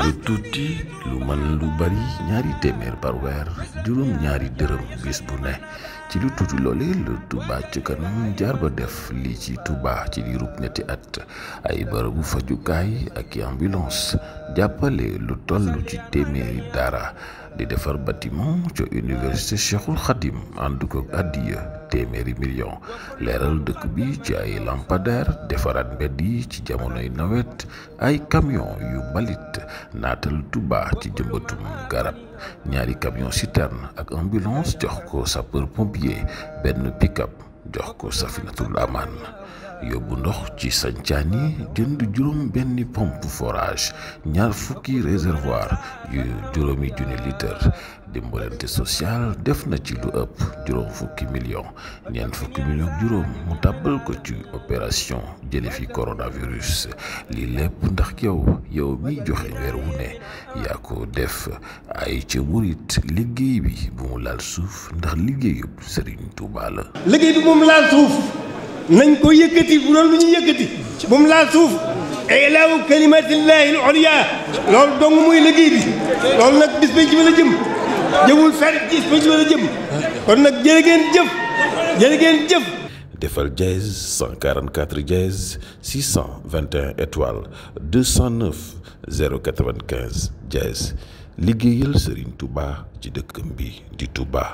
lu tuuti lu mën lu bari ñaari téeméer par weer juróom ñaari dërëm bis bu ne ci lu tuuti loole lu Touba ci kanam jaar ba def lii ci Touba ci diirub ñetti at ay bërëbu fajjukaay ak ambulance jàppale lu toll ci téeméeri dara di defar bâtiment ca université cheikhul xadim ànd ko addiya téeméeri million leeral dëkk bi ci ay lampadaire defaraat mbedd yi ci jamonoy nawet ay camion yu balit naatal Touba ci jëmbatum garab ñaari camion citerne ak ambulance jox ko sapeur pompier benn pick jox ko safinatul amaan yóbbu ndox ci sancaan yi jënd juróom benni pompe forage ñaar fukki réservoir yu juróomi junni litre dimbalante sociale def na ci lu ëpp juróom fukki million ñeent fukki million mu tàbbal ko ci opération jële fi coronavirus lii lépp ndax yow yow mi joxe weer ne yaa ko def ay ca murit liggéey bi bu laal suuf ndax liggéeyub Serigne Touba la. liggéey bi moom nañ ko yëkkati bu doon lu ñu yëkkati bu mu laal suuf ilaahu kalimatillahi al-ulya loolu dong muy liggéey bi loolu nag bis ba ci la jëm jëwul fer bis ba ci la jëm kon nag jërë ngeen jëf jërë ngeen jëf defal jazz étoiles jazz liggéeyal Serigne Touba ci dëkkam bi di Touba